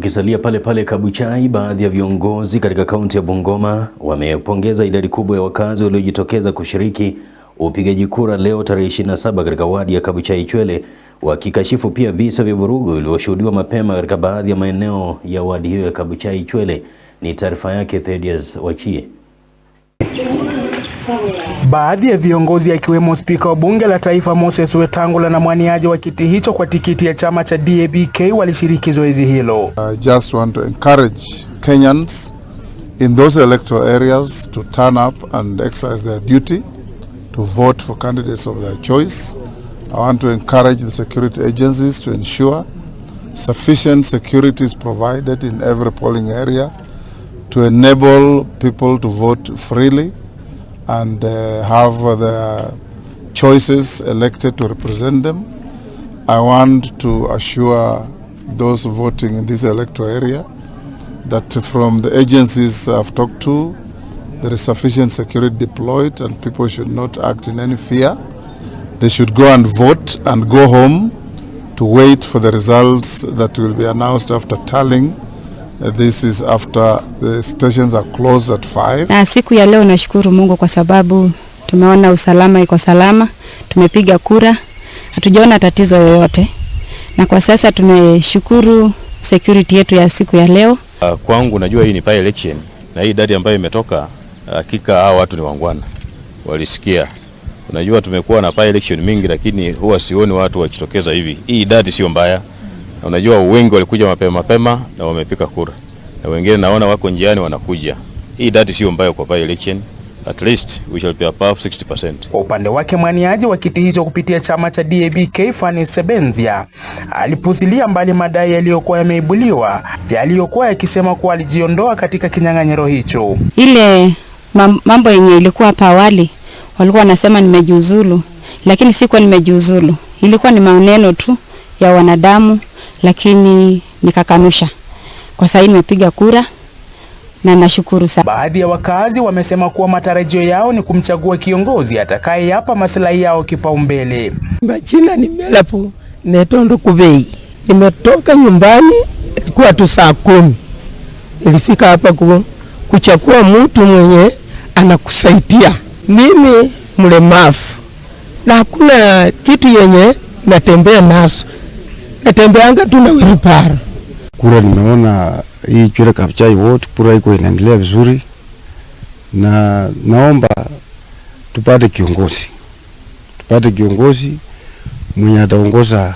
Ukisalia pale pale Kabuchai, baadhi ya viongozi katika kaunti ya Bungoma wamepongeza idadi kubwa ya wakazi waliojitokeza kushiriki upigaji kura leo tarehe 27 katika wadi ya Kabuchai Chwele, wakikashifu pia visa vya vurugu vilivyoshuhudiwa mapema katika baadhi ya maeneo ya wadi hiyo ya Kabuchai Chwele. Ni taarifa yake Thedias Wachie. Baadhi ya viongozi akiwemo spika wa bunge la taifa Moses Wetangula na mwaniaji wa kiti hicho kwa tikiti ya chama cha DABK walishiriki zoezi hilo. I just want to encourage Kenyans in those electoral areas to turn up and exercise their duty to vote for candidates of their choice. I want to encourage the security agencies to ensure sufficient security is provided in every polling area to enable people to vote freely. and uh, have the choices elected to represent them. I want to assure those voting in this electoral area that from the agencies I've talked to, there is sufficient security deployed and people should not act in any fear. They should go and vote and go home to wait for the results that will be announced after tallying Uh, this is after the stations are closed at Na siku ya leo nashukuru Mungu kwa sababu tumeona usalama iko salama, tumepiga kura, hatujaona tatizo yoyote, na kwa sasa tumeshukuru security yetu ya siku ya leo. Uh, kwangu najua hii ni by election na hii idadi ambayo imetoka, hakika uh, watu ni wangwana, walisikia. Unajua tumekuwa na by election mingi, lakini huwa sioni watu wakitokeza hivi. Hii idadi sio mbaya. Unajua wengi walikuja mapema mapema na wamepika kura, na wengine naona wako njiani wanakuja. Hii dati sio mbaya kwa by election. At least we shall be above 60%. Kwa upande wake mwaniaji wa kiti hicho kupitia chama cha DABK Fani Sebenzia alipuzilia mbali madai yaliyokuwa yameibuliwa yaliyokuwa yakisema kuwa alijiondoa katika kinyang'anyiro hicho. Ile mambo yenye ilikuwa hapa awali walikuwa wanasema nimejiuzulu, lakini sikuwa nimejiuzulu, ilikuwa ni maneno tu ya wanadamu lakini nikakanusha. Kwa sasa nimepiga kura na nashukuru sana. Baadhi ya wakazi wamesema kuwa matarajio yao ni kumchagua kiongozi atakayeyapa maslahi yao kipaumbele. Majina ni Melapu Netondo Kubei. Nimetoka nyumbani ilikuwa tu saa kumi, ilifika hapa kuchagua mtu mwenye anakusaidia. Mimi mlemavu na hakuna kitu yenye natembea naso natembeanga tu na wiripara. Kura nimeona hii Chwele Kabuchai wote kura iko inaendelea vizuri, na naomba tupate kiongozi, tupate kiongozi mwenye ataongoza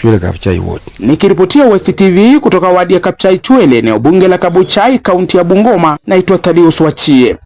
Chwele Kabuchai wote. Nikiripotia West TV kutoka wadi ya Kabuchai Chwele, eneo bunge la Kabuchai, kaunti ya Bungoma, naitwa Thaddeus Wachie.